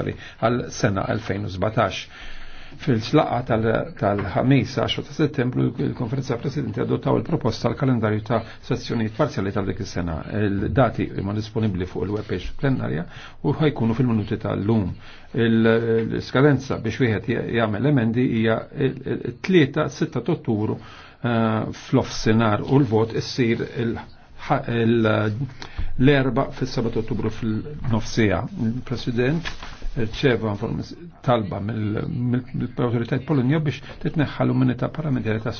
finanzjari għal-sena 2017 fil-tlaqa tal-ħamis 10 ta' settembru il-konferenza presidenti adottaw il-proposta tal-kalendarju ta' sessjonijiet parzjali tal dik is-sena. Il-dati ma' disponibbli fuq il-webpage plenarja u ħajkunu fil-minuti tal-lum. Il-skadenza biex wieħed jagħmel emendi hija 3-6 ottubru eh, fl offsenar u l-vot issir il- l-erba fil-7 ottubru fil-nofsija. Il-President ċeva talba mill-autoritajt Polonja biex titneħħal minn ta' parlamentari ta'